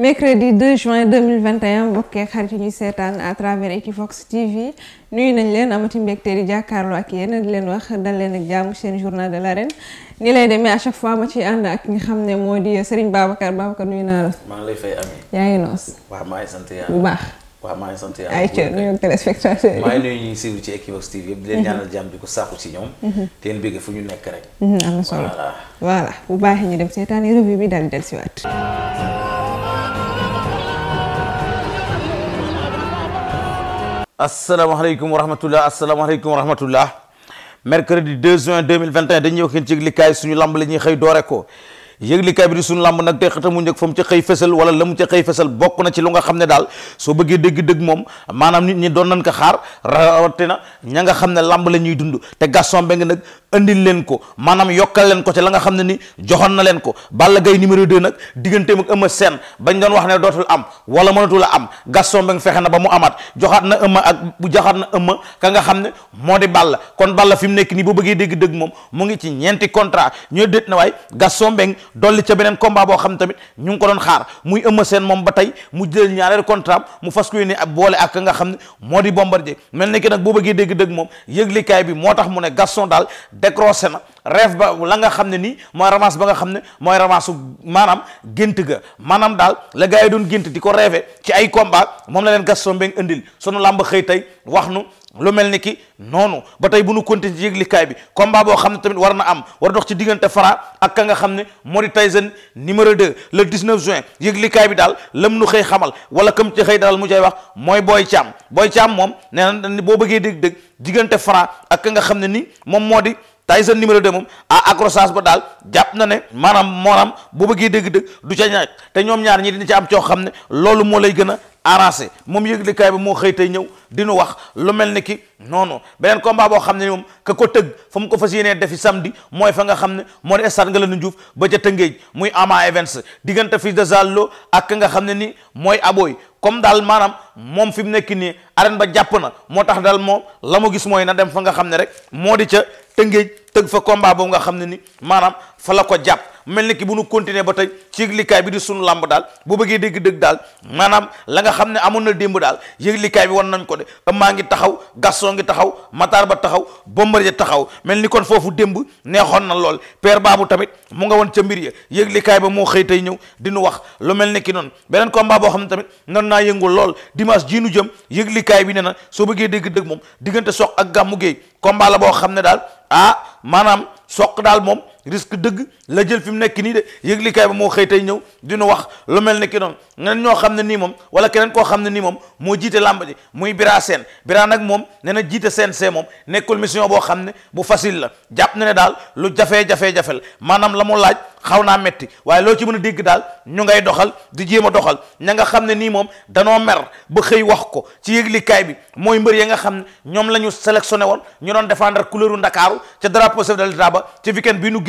mercredi 2 juin 2021 bokkee xarit yi ñuy seetaan à travers Equivox TV nuyu nañ leen amati mbégte di jàkkaarloo ak yéen leen wax dal leen ak jàmm seen journal de l'arène ni lay demee à chaque fois ma ciy ànd ak nga xam ne moo di Serigne Babacar Babacar nuyu naa la. maa ngi yaa ngi noos. sant bu baax. waaw maa ngi sant ay ca nuyu téléspectateurs yi. maa ngi nuyu ñuy suivre ci Equivox TV yëpp di leen mhm. ñaanal jàmm di ko sàkku ci ñoom. te mhm. leen fu ñu nekk rek. Mhm, am solo voilà bu baax ñu dem seetaani revue bi daal di dellusiwaat asalaamaaleykum wa rahmatulah asalaamaaleykum wa rahmatulah mercredi 2 juin 2021 dañuy wax ci yëglikaay suñu lamb la ñuy xëy doore ko yëglikaay bi di suñu làmb nag tey xëtamu njëkk fa mu ca xëy fesal wala la mu ca xëy fesal bokk na ci lu nga xam ne daal soo bëggee dégg-dégg moom maanaam nit ñi doon nañ ko xaar rawatina ña nga xam ne làmb la ñuy dund te Gaston Mbengue nag andil leen ko maanaam yokkal leen ko ci la nga xam ne ni joxoon na leen ko Balla Gaye numéro 2 nag digganteem ak Eumeu Sène bañ doon wax ne dootul am wala mënatul a am Gaston Mbengue fexe na ba mu amaat joxaat na Eumeu ak joxaat na Eumeu ka nga xam ne moo di Balla kon Balla fi mu nekk nii boo bëggee dégg moom mu ngi ci ñeenti contrat ñoo déet na Gaston Mbengue dolli ca beneen combat boo xam tamit ñu ngi ko doon xaar muy Eumeu seen moom ba tey mu jël ñaareel contrat mu fas ko ak boole ak nga xam ne moo di Bombardier mel ni ki nag boo bëggee dégg-dëgg moom yëglikaay bi moo tax mu ne Gaston daal décroché na rêve ba la nga xam ne nii mooy ramasse ba nga xam ne mooy ramasse maanaam gént ga maanaam daal la gars yi doon gént di ko rêvé ci ay combat moom la leen Gaston Mbengue indil sunu làmb xëy tey wax nu lu mel ni ki noonu ba tey bu nu continuer ci yëglikaay bi combat boo xam ne tamit war na am war dox ci diggante Fra ak ka nga xam ne moo di Tyson numéro 2 le 19 juin yëglikaay bi daal lam nu xëy xamal wala comme xëy daal mu cay wax mooy Boy Thiam Boy Thiam moom nee na boo bëggee dégg-dégg diggante Fra ak ka nga xam ne ni moom moo di. Tyson numéro 2 moom à accrochage ba daal jàpp na ne maanaam moonaam bu bëggee dëgg-dëgg du ca ñàkk te ñoom ñaar ñi dina ca am coo xam ne loolu moo lay gën a arrangé moom yëglikaay bi moo xëy tey ñëw dinu wax lu mel ni ki noonu beneen combat boo xam ne ni moom ka ko tëgg fa mu ko fas yéenee defi samedi mooy fa nga xam ne moo di stade Ngalandou Diouf ba ca Tëngéej muy Ama Events diggante fils de Zallo ak ka nga xam ne ni mooy abooy comme daal maanaam moom fi mu nekk nii arène ba jàpp na moo tax daal moom la mu gis mooy na dem fa nga xam ne rek moo di ca Tëngéej tëgg fa combat boobu nga xam ne ni maanaam fa la ko jàpp mel ni ki bu nu continuer ba tey ci yëglikaay bi di sunu làmb daal boo bëggee dégg dëgg daal maanaam la nga xam ne amoon na démb daal yëglikaay bi wan nañ ko de maa ngi taxaw gaston ngi taxaw mataar ba taxaw bombardier taxaw mel ni kon foofu démb neexoon na lool père baabu tamit mu nga woon ca mbir ya yëglikaay ba moo xëy tey ñëw di nu wax lu mel ni ki noonu beneen combat boo xam ne tamit nan naa yëngul lool dimanche jii nu jëm yëglikaay bi ne na soo bëggee dégg dëgg moom diggante soq ak gàmmu géey combat la boo xam ne daal ah maanaam soq daal moom risque dëgg la jël fi mu nekk nii de yëglikaay ba moo xëy tey ñëw dina wax lu mel ni ki noonu ñeneen ñoo xam ne nii moom wala keneen koo xam ne nii moom moo jiite làmb ji muy Bira Sène Bira nag moom nee na jiite CNG moom nekkul mission boo xam ne bu facile la jàpp na ne daal lu jafee-jafee-jafe la maanaam la mu laaj xaw naa metti waaye loo ci mën a dégg daal ñu ngay doxal di jéem a doxal ña nga xam ne nii moom danoo mer ba xëy wax ko ci yëglikaay bi mooy mbër ya nga xam ñoom la ñu sélectionné woon ñu doon défendre couleuru Ndakaaru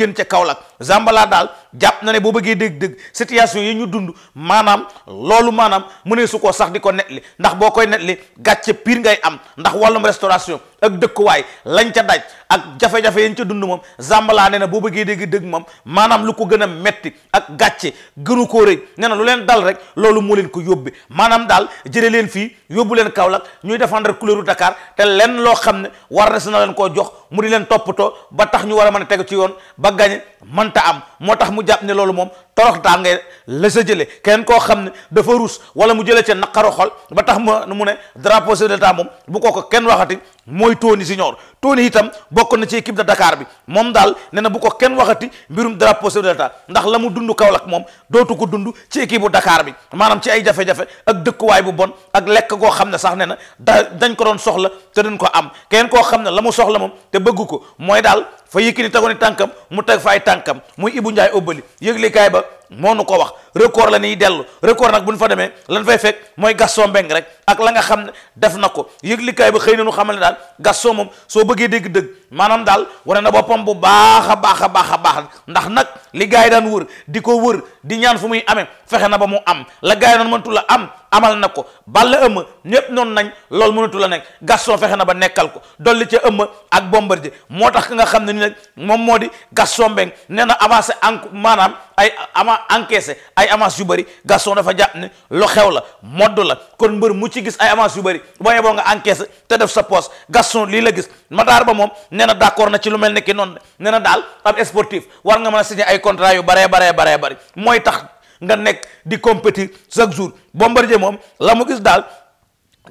gën ca Kaolack Zambala daal jàpp na ne boo bëggee dégg dëgg situation yi ñu dund maanaam loolu maanaam mu ne su ko sax di ko netli ndax boo koy netli gàcce piir ngay am ndax wàllum restauration ak dëkkuwaay lañ ca daj ak jafe-jafe yañ ca dund moom Zambala nee na boo bëggee dégg dëgg moom maanaam lu ko gën a metti ak gàcce gënu koo rëy nee lu leen dal rek loolu moo leen ko yóbbi maanaam daal jëlee leen fii yóbbu leen kaw Kaolack ñuy défendre couleuru Dakar te lenn loo xam ne war na si na leen koo jox mu di leen toppatoo ba tax ñu war a mën a tegu ci yoon ba gañe manta am moo tax mu jàpp ne loolu moom torox tànge la sa jëlee kenn koo xam ne dafa ruus wala mu jëlee ca naqaru xol ba tax ma nu mu ne drapeau de l'état moom bu ko ko kenn waxati mooy si Junior Tony itam bokk na ci équipe de Dakar bi moom daal nee na bu ko kenn waxati mbirum drapeau chef ndax la mu dund kaw Kaolack moom dootu ko dund ci équipe bu Dakar bi maanaam ci ay jafe-jafe ak dëkkuwaay bu bon ak lekk goo xam ne sax nee na da dañ ko doon soxla te dañ ko am kenn koo xam ne la mu soxla moom te bëggu ko mooy daal fa Yékini tegoon tànkam mu teg fa ay tànkam muy ibu Ndiaye Obali yëgle kaay ba moo nu ko wax record la ñuy dellu record nag bu ñu fa demee lan fay fekk mooy Gaston Mbengue rek ak la nga xam ne def na ko yëglikaay ba xëy na ñu xamal ne daal Gaston moom soo bëggee dégg dëgg maanaam daal wane na boppam bu baax a baax a baax ndax nag li gars yi daan wër di ko wër di ñaan fu muy amee fexe na ba mu am la gars yi doon am amal na ko balla ëmma ñépp noonu nañ loolu mënatu la nekk Gaston fexe na ba nekkal ko dolli ca ëmma ak bombar Bombardier moo tax ki nga xam ne ni nag moom moo di Gaston Mbengue nee na avancé en maanaam ay ama encaissé ay avance yu bëri Gaston dafa jàpp ne lu xew la modd la kon mbër mu ci gis ay avance yu bëri boo yeboo nga encaisse te def sa poche Gaston lii la gis Matar Ba moom nee na d'accord na ci lu mel ne noonu nee na daal ab sportif war nga mën a signer ay contrat yu baree baree baree mooy tax nga nekk di compétir chaque jour Bombardier moom la mu gis daal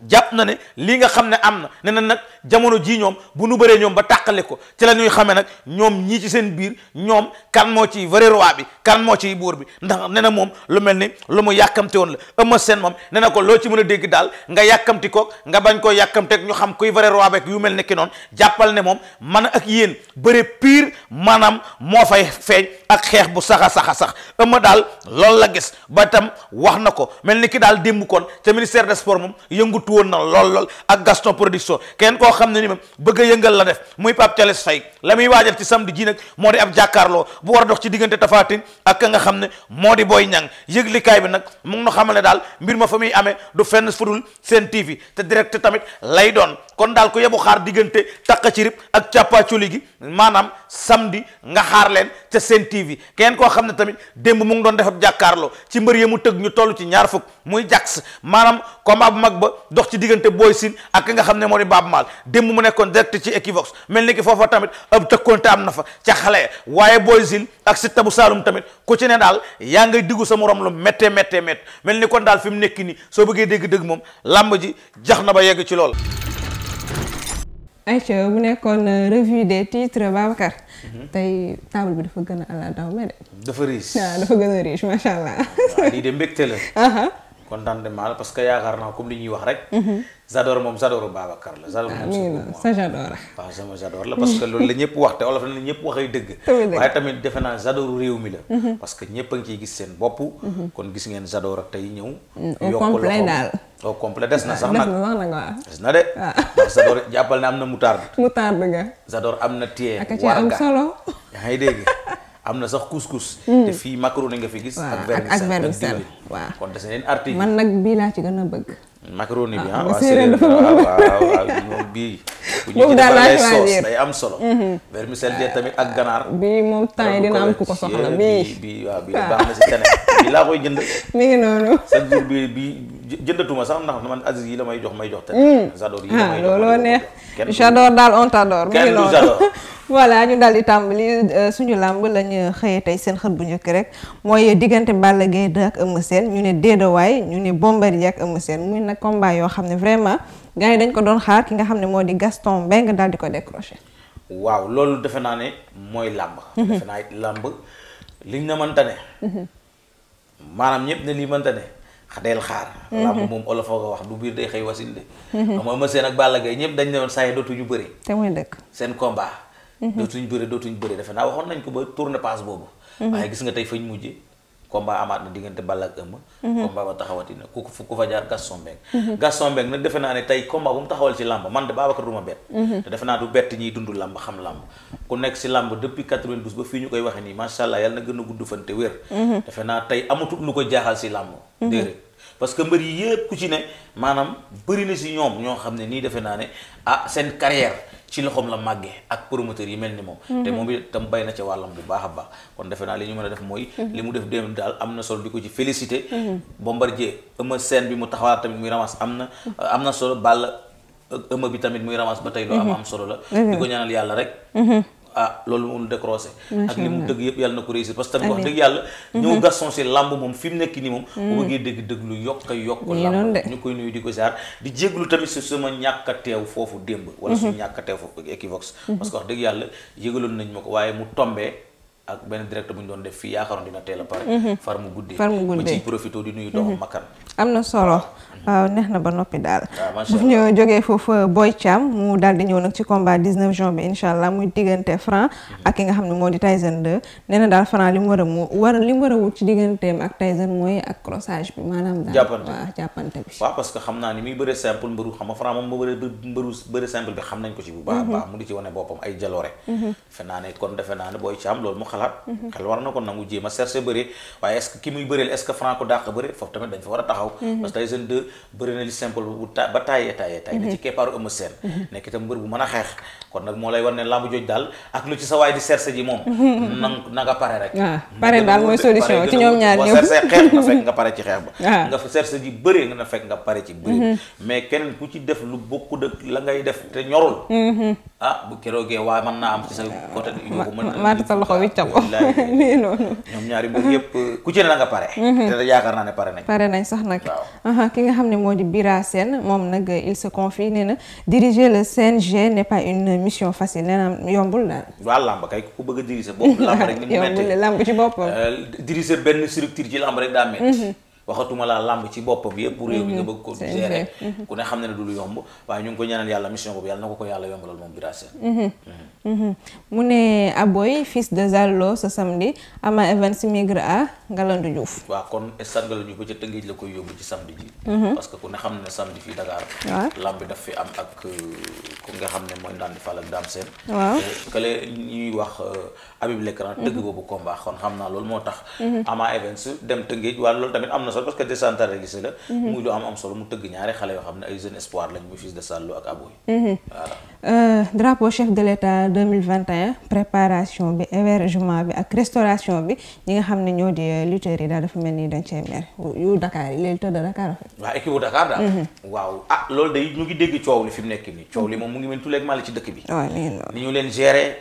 jàpp na ne lii nga xam ne am na ne na nag jamono jii ñoom bu nu bëree ñoom ba tàqale ko ci la ñuy xamee nag ñoom ñii ci seen biir ñoom kan moo ci vrai roi bi kan moo ci buur bi ndax ne na moom lu mel ni lu mu yàkkamte woon la Eumeu seen moom ne na ko loo ci mën a dégg daal nga yàkkamti koog nga bañ koo yàkkamteek ñu xam kuy vrai roi beeg yu mel ne ki noonu jàppal ne moom man ak yéen bëre piir maanaam moo fay feeñ ak xeex bu sax a sax a sax Eumeu daal loolu la gis ba tam wax na ko mel ni ki daal démb koon ca ministère des sports yëngu yëngatu woon na lool lool ak Gaston production kenn koo xam ne ni ma bëgg a yëngal la def muy Pape Thialis Faye la muy waajal ci samedi ji nag moo di ab jàkkaarloo bu war a dox ci diggante Tapha ak ka nga xam ne moo di Boy Niang yëglikaay bi nag mu ngi nu xamal ne daal mbir ma fa muy amee du fenn fudul seen TV te direct tamit lay doon kon daal ko yebu xaar diggante takka ci rib ak càppaacoli gi maanaam samedi nga xaar leen ca seen TV kenn koo xam ne tamit démb mu ngi doon def ab ci mbër yi mu tëgg ñu toll ci ñaar fukk dox ci diggante Boy Sine ak ki nga xam ne moo di Baaba Maal démb mu nekkoon direct ci Equivox mel ni ki foofa tamit ab tëkkoonte am na fa ca xale waaye Boy Sine ak Siteu bu Saalum tamit ku ci ne daal yaa ngay diggu sa moroom lu méttee méttee métt mel ni kon daal fi mu nekk nii soo bëggee dégg dëgg moom làmb ji jax na ba yegg ci lool Aïcha bu nekkoon euh, revue des titres Babacar. Mhm. tey table bi dafa gën a ala daw dafa riche waaw ah, dafa gën a riche macha allah. la. Uh-huh. contentement la parce que yaakaar naa comme li ñuy wax rek. Mhm. Zador moom Zadoru Babacar la. moom sa Zador waaw la parce que la ñëpp wax te olof na ñëpp waxay dëgg. waaye tamit defe naa Zadoru réew mhm. gis seen bopp. Mhm. kon gis ngeen Zador ak tey ñëw. Mm, au complet daal au complet des na sax nag des na de. Ah. ndax Zador jàppal na am na moutarde. moutarde nga. Zador am na téye. ak a am solo. yaa dégg. am na sax couscous. Hmm. te fii macaroni nga fi gis. ak vermicelle waa kon des na leen article man nag bii laa ci gën a bëgg. macaroni bi ah, ah, ah waaw séeréer dafa bii. moom daal laa choisir day am solo. Mhm. vermicelle de tamit ak ganaar. bii moom temps yi dina am ku ko soxla bii bii waaw bii ah. baax na si tene bii laa koy jënd. mi ngi noonu. chaque jëndatuma sax ndax man Aziz yi la may jox may jox tene. Hmm. j'adore yi looloo neex. j'adore daal on t'adore. ngi noonu voilà ñu daal tàmb tàmbali euh, suñu làmb lañu xëyee tey seen xët bu njëkk rek mooy diggante Balla Gaye 2 ak Eumeu Sène ñu ne déedawaay ñu ne Bombardier ak Eumeu seen muy nag combat yoo xam ne vraiment gars yi dañ ko doon xaar ki nga xam ne moo di Gaston Mbengue daal di ko décroché. waaw loolu defe naa ne mooy làmb. Mhm. defe naa na mënta ne. Mhm. maanaam ñëpp ne lii mënta ne. xadeel xaar. Mhm. làmb moom olof ko wax du biir day xëy wasil de. xam nga Eumeu Sène ak ñëpp dañ ne woon saa yi dootuñu bëri. te muy dëkk seen combat. Mm-hmm. dootuñ bëre dootuñ bëre defe naa waxoon nañ ko ba tourné passe boobu mm-hmm. waaye gis nga tey fañ mujje combat amaat na diggante Balla ak Eumeu mm-hmm. ba taxawati na ku fa jaar Gaston Mbengue Gaston Mbengue nag defe naa ne tey combat bu mu taxawal ci làmb man de Babacar du bett te defe naa du bett ñiy dund làmb xam làmb ku nekk si làmb depuis 92 ba fii ñu koy waxee nii macha allah yàlla na gën a gudd fan wér defe naa tey amatul lu ko jaaxal si làmb déedéet ci loxoom la màggee ak promoteur yi mel ni moom te mhm. moom tam bay na ca wàllam bu baax a baax kon defe naa li ñu mën a def mooy mhm. li mu def dem daal am na solo di ko ci félicité mhm. Bombardier ëma scène bi mu taxawaat tamit muy ramas am na am na solo bàll ëma bi tamit muy ramas ba tey loo am am solo la di ko ñaanal yàlla rek ah loolu moom décroché ak li mu dëgg yëpp yàlla na ko réussir parce que tamit wax dëgg yàlla mhm. ñëw Gaston si làmb moom fi nekk nii moom bu mhm. bëggee dëgg dëgg lu yokk a yokk làmb ñu koy nuyu di ko ziar di jéglu tamit si sama ñàkk a teew foofu démb wala su mhm. ñàkk foofu Equivox parce que wax dëgg yàlla yëgaloon nañ ma ko waaye mu tombee ak benn directeur bu ñu doon def fii yaakaaroon dina teel a pare far mu guddee far mu guddee ma ciy profité di waaw neex na ba noppi daal. Ah, bu ñu mu ñëw nag ci combat 19 juin bi incha allah muy diggante Franc mhm. ak ki nga xam ne moo di Tyson 2 nee na daal Franc li mu war a mu war li mu war a wut ci digganteem ak Tyson mooy ak crossage bi maanaam. daal waaw jàppante naa ni muy bëre mhm. mu bëre mbëru bëre simple na ko nangu jéem a chercher bëre waaye est ce que ki muy bëreel est ce Franc ko dàq bëre foofu tamit dañ fa war a taxaw mhm. parce que Tyson 2 bëri na li simple bu ta ba taayee taayee taay na mhm. ci keppaaru Eumeu Sène mhm. nekk itam mbër bu mën a xeex kon nag moo lay war ne lamb jooj daal ak lu ci sa waay di serse ji moom mhm. na nga pare rek waaw ah, pare nga pare ba nga serse na fekk nga pare ci ah. bëri mais keneen ku ci la ngay def te ñorul ah bu keroogee waaye mën naa am sa côté yóbbu mën maata sa loxo wicca ko nii noonu ñoom ñaari mbir yëpp ku ci ne la nga pare te naa ne pare nañ pare nañ sax nag ki nga xam ne moo di Bira moom nag il se confie nee na diriger le CNG n'est pas une mission facile nee yombul daal. waaw làmb kay ku bëgg a diriger. bopp làmb rek ni mu méttee làmb ci boppam. Euh, diriger benn structure ci làmb rek daa métti. Mhm. waxatuma laa làmb ci boppam yëpp. pour réew nga bëgg ko mhm. gérer. Mhm. ku ne xam ne du lu yomb waaye ñu ngi ko ñaanal yàlla mission boobu yàlla na ko ko yàlla yombalal moom Bira mu ne Aboy fils de Zallo ce samedi Ama Evans migre à. Galandou Diouf. waaw kon stade Galandou Diouf ba ca Tëngéej la koy yóbbu ci samedi ji. Mhm. parce que ku ne xam ne samedi fii Dakar. waaw lamb daf fi am ak euh, ku nga xam ne mooy Ndandi Fall ak Dame Sène. waaw kële ñuy wax euh, Habib Lecran. tëgg mhm. boobu combat kon xam naa loolu moo tax. Mhm. Ama Events dem Tëngéej waaye loolu tamit am na solo parce que décentralisé la. muy lu am am solo mu tëgg ñaari xale yoo xam ne ay jeunes espoir lañ muy fils de Sallou ak Aboy. Euh, drapeau chef de l'État 2021 préparation bi hébergement bi ak restauration bi ñi nga xam ne ñoo di euh, lutteurs yi daal dafa mel ni dañ cee mer yu Dakar yi léegi tëdd Dakar en fait. waaw équipe bu Dakar daal. Mhm. waaw ah loolu day ñu ngi dégg coow li fi mu nekk nii coow li moom mu ngi mel tuleeg mali ci dëkk bi. waaw ni ñu leen gérer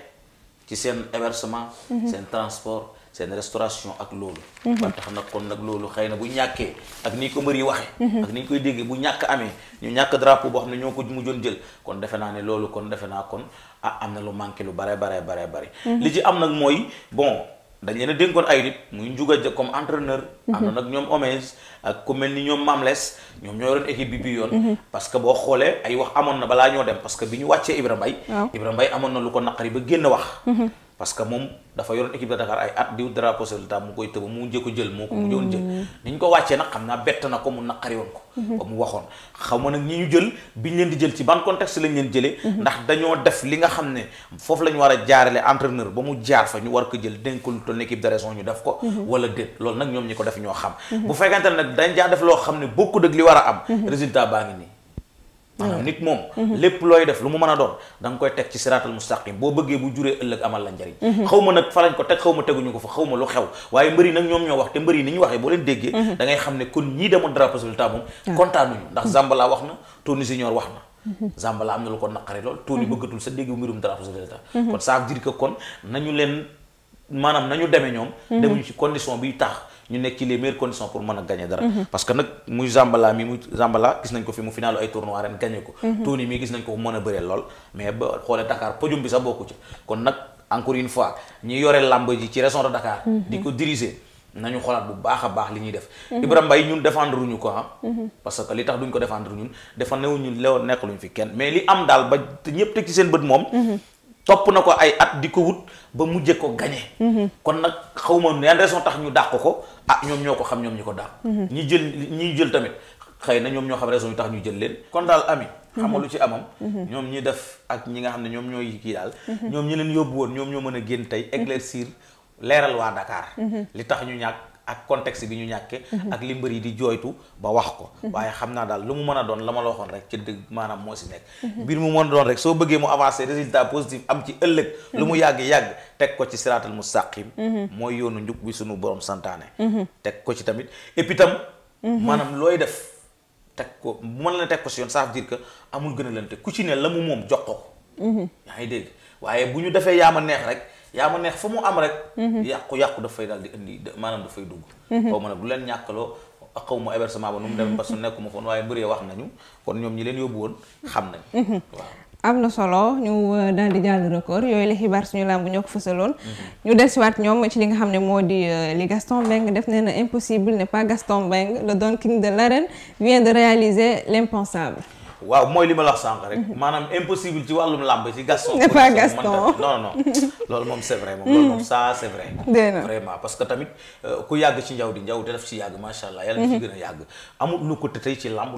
ci seen hébergement. Mhm. seen transport. seen restauration ak loolu mhm. ba tax nag kon nag loolu xëy bu ñàkkee ak ni ko mbër yi waxe mhm. ak ni ñu koy déggee bu ñàkk amee ñu ñàkk drapeau boo xam ne ñoo ko mujjoon jël kon defe naa ne loolu kon defe naa kon ah am na lu manqué lu bare bare bare bare mhm. li ci am nag mooy bon dañ leen a dénkoon ay nit muy njuga ja comme entraîneur am na nag ñoom Omez ak ku mel ni ñoom Mamles ñoom ñoo yoroon équipe bi bi yoon parce que boo xoolee ay wax amoon na balaa ñoo dem parce que bi ñu wàccee Ibra Mbaye Ibra Mbaye amoon na lu ba génn wax parce que moom dafa yoroon équipe de Dakar ay at diw drapeau résultat mu koy tëb mu jël moo ko mujjoon jël mm. ni ñu ko wàccee nag xam naa bett na ko mu naqari ko mm-hmm. ba mu waxoon xaw ma nag ñi ñu jël bi ñu leen di jël ci ban contexte lañ leen jëlee mm-hmm. ndax dañoo def li nga xam ne foofu la ñu war a jaarale entraîneur ba mu jaar fa ñu war ko jël dénk lu toll équipe de raison ñu def ko mm-hmm. wala déet loolu nag ñoom ñi ko def ñoo xam bu fekkente ne nag dañ jaar def loo xam ne bokkut ak war a am résultat baa ngi nii maanaam nit moom mhm. lépp looy def lu mu mën a doon da nga koy teg ci siraatal mustaqim boo bëggee bu juree ëllëg amal la njariñ mhm. xaw nag fa ko teg xaw ma teguñu ko fa xaw lu xew waaye mbëri nag ñoom ñoo wax te mbëri ni ñu waxee boo leen déggee mhm. da ngay xam ne kon ñii ndax Zambala wax na Tony Junior wax na Zambala am na lu ko naqari lool Tony bëggatul sa dégg mbirum drapeau kon ça veut dire kon nañu leen maanaam nañu demee ñoom mhm. demuñu ci condition bi tax ñu nekk ci les meilleures conditions pour mën a gagner dara mhm. parce que nag muy Zambala mi muy Zambala gis nañ ko fi mu finaalu ay tournoi ren gagné ko mhm. Tony mi gis nañ ko mën a bëree lool mais ba xoolee Dakar podium bi sax bokku ci kon nag encore une fois ñi yore làmb ji ci région de Dakar di ko diriger nañu xoolaat bu baax a baax li ñuy def Ibrahima ñun défendre ñu ko ah parce que li tax duñ ko défendre ñun defa newuñu lew nekk luñ fi kenn mais li am daal topp na ko ay at di ko wut ba mujje ko gañe mhm. kon nag xawma yan raison tax ñu dàq ko ah ñoom ñoo ko xam ñoom ñi ko dàq mhm. ñi jël ñi jël tamit xëy na ñoom ñoo xam raison yu tax ñu jël leen kon daal ami mhm. xamalu ci amam ñoom ñi def ak ñi nga xam ne ñoom ñooy kii daal ñoom ñi leen yóbbu woon ñoom ñoo mën a génn tey éclaircir leeral waa Dakar li tax ñu ñàkk ak contexte bi ñu ñàkkee mhm. ak li mbër yi di jooytu ba wax ko mhm. waaye xam naa daal lu mu mën a doon la ma la waxoon rek ci dëgg maanaam moo si nekk mhm. mbir mu mën a doon rek soo bëggee mu avancer résultat positif am ci ëllëg lu mu yàgg-yàgg teg ko ci siraatal mustaqim mooy yoonu njub bi suñu borom santaane teg ko ci tamit et puis tam maanaam looy def teg ko bu mën la teg ko si yoon ça veut dire amul gën a lante ku ci ne la mu moom jox ko yaa ngi dégg waaye yaa ma neex fu mu am rek. Mhm. yàqu yàqu dafay daal di indi maanaam dafay dugg. Mhm. xaw ma nag du leen ñàkkaloo xaw ma hébergement ba nu mu demee parce que nekkuma foon waaye mbëree wax nañu kon ñoom ñi leen yóbbu woon xam nañ. Mhm. am na solo ñu euh, daal di jàll record yooyu la xibaar suñu làmb fa ko fësaloon. ñu dellusiwaat ñoom ci li nga xam ne moo di euh, li Gaston Mbengue def nee na impossible n'est pas Gaston Mbengue le Don King de l'arène vient de réaliser l'impensable waaw mooy li ma la sànq rek mhm. maanaam impossible ci wàllum làmb ci Gaston. n'est pas Gaston loolu moom c'est vrai moom mhm. que tamit euh, ku yàgg ci njaw di njaw te def yàgg macha allah yàlla na ci mhm. gën a yàgg amul lu ko te tey ci làmb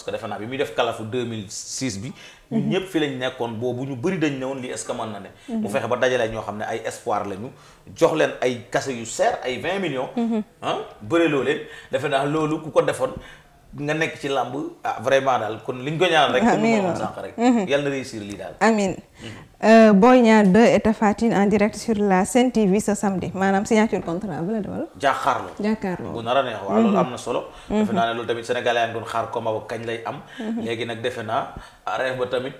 que defe naa bi muy def kalafu 2006 bi ñun ñëpp fi lañ nekkoon boobu ñu bëri dañ ne woon lii est-ce na ne mu fexe ba dajalee ñoo xam ne ay espoir lañu jox leen ay kase yu seer ay vingt millions ah bëriloo leen defe naa loolu ku ko defoon nga nekk ci làmb ah vraiment daal kon liñ ko ñaanal rek. amiin comme sànq rek. Mhm. yàlla na réussir lii daal. amiin mhm. euh, Boy Niang 2 et Tapha Tine en direct sur la Sen TV sa samedi maanaam signature contrat bi la wala. jàkkaarloo jàkkaarloo bu nar a loolu am na solo. Mhm. defe naa ne loolu tamit sénégalais yaa doon xaar combat ba kañ lay am. léegi nag defe naa ah, reef ba tamit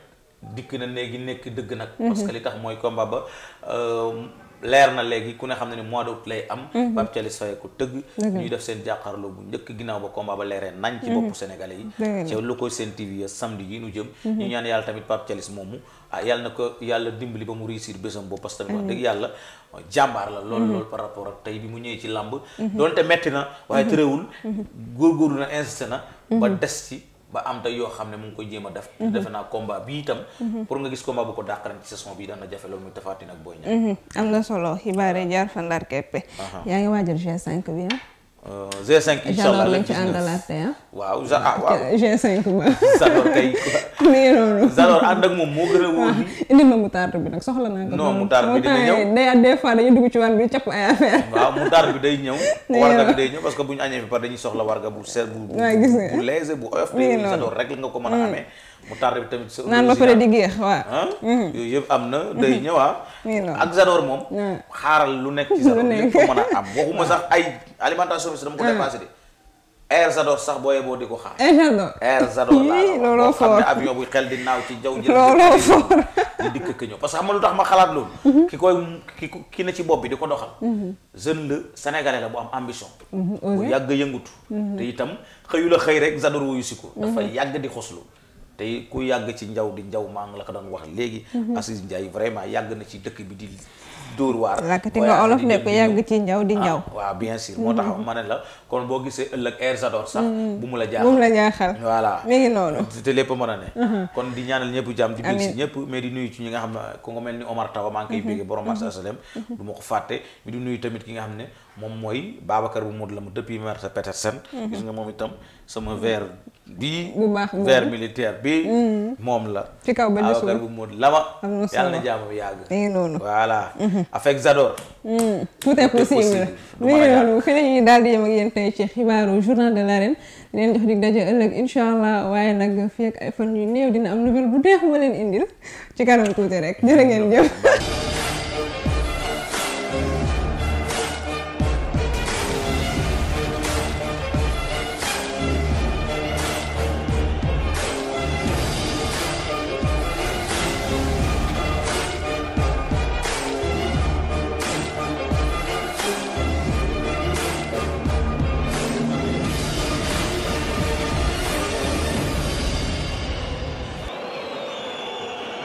dikk na léegi nekk dëgg nag. parce li tax mooy combat ba. Euh, leer na léegi ku ne xam ne ni mois d'août lay am mhm. Pape Thialis Faye ko tëgg ñuy def seen jàkkaarloo bu njëkk ginnaaw ba combat ba leeree nañ ci mhm. bopp sénégalais yi ci lu koy seen TV ya samedi yi nu jëm mhm. ñu ñaan yàlla tamit Pape Thialis moomu ah yàlla na ko yàlla dimbali ba mu réussir bésam boobu parce que tamit wax yàlla jàmbaar la lool lool par rapport ak tey bi mu ñëwee ci làmb doonte metti na waaye tëréwul góorgóorlu na insisté na ba des ci ba am tey yoo xam ne mu ngi koy jéem a def. Mhm. defe naa combat bi itam. pour nga gis combat bu ko dàq ren ci saison bi dana jafe loolu muy Tapha Tine ak Boy Niang. Mhm. am na solo xibaar yi jaar fa ndar keppe. yaa ngi waajal G5 bi ah? G5 incha lañ ci àndalaat waaw ja ah waaw G5 ba. Zalor ak moom moo gën a wóor. indi ma moutarde bi nag soxla naa ko. non moutarde bi dina ñëw day des fois dañuy ci waan bi capp ay affaire. waaw moutarde bi day ñëw. warga bi day ñëw parce que bu ñu añee bi par dañuy soxla warga bu set bu. bu bu léger bu oyof. mi ngi noonu Zalor rek nga ko mën a amee. mu bi tamit sa. naan ba pare di géex waaw. Ah? Mhm. yooyu yëpp am na. Mhm. day ñëwaat. Ah. ak Zador moom. xaaral lu nekk ci Zador lépp ko a am waxuma sax ay alimentation bi si dama ko ah. sax booyee boo di ko xaar. air Zador laa looloo foor xam ne avion buy xel di naaw ci jaw ji. looloo foor di dikk ki ñëw parce ma xalaat loolu. Mhm. ki koy ki ki ci bopp bi di ko doxal. jeune la sénégalais la bu am ambition. bu yàgg yëngutu. te itam xëyu xëy rek Zador wuyu si ko. dafa yàgg di xoslu. tey ku yàgg ci njaw di njaw maa ngi la ko doon wax léegi mhm. Aziz Ndiaye vraiment yàgg na ci dëkk bi di dóor waar lakkati nga olof ne ko yàgg ci njaw di njaw ah, waaw bien sûr moo tax ma la kon boo gisee ëllëg air Zador sax mm-hmm. bu mu la jaaxal bu mu la jaaxal voilà mi ngi noonu te lépp mën a ne mm-hmm. kon di ñaanal ñëpp jàmm di bég si di nuyu ci ñi nga xam ne ku nga mel ni Omar Tawa maa ngi koy mm-hmm. bégee borom marché asalem tamit ki nga xam ne moom mooy Babacar bu Modou la mu depuis marché Petersen gis nga moom itam sama verre bi bu baax verre militaire bi moom la ci kaw ba Babacar bu mu la ma yàlla na jàmm yàgg avec Zador. Hmm, tout est possible mi ngi noonu fi la daal di yem ak yéen tey ci xibaaru journal de l'arène leen jox dig daje ëllëg incha allah waaye nag fii ak ay fan yu néew dina am nouvelle bu deex ma leen indil ci kanam tuuti rek jërë ngeen jëf.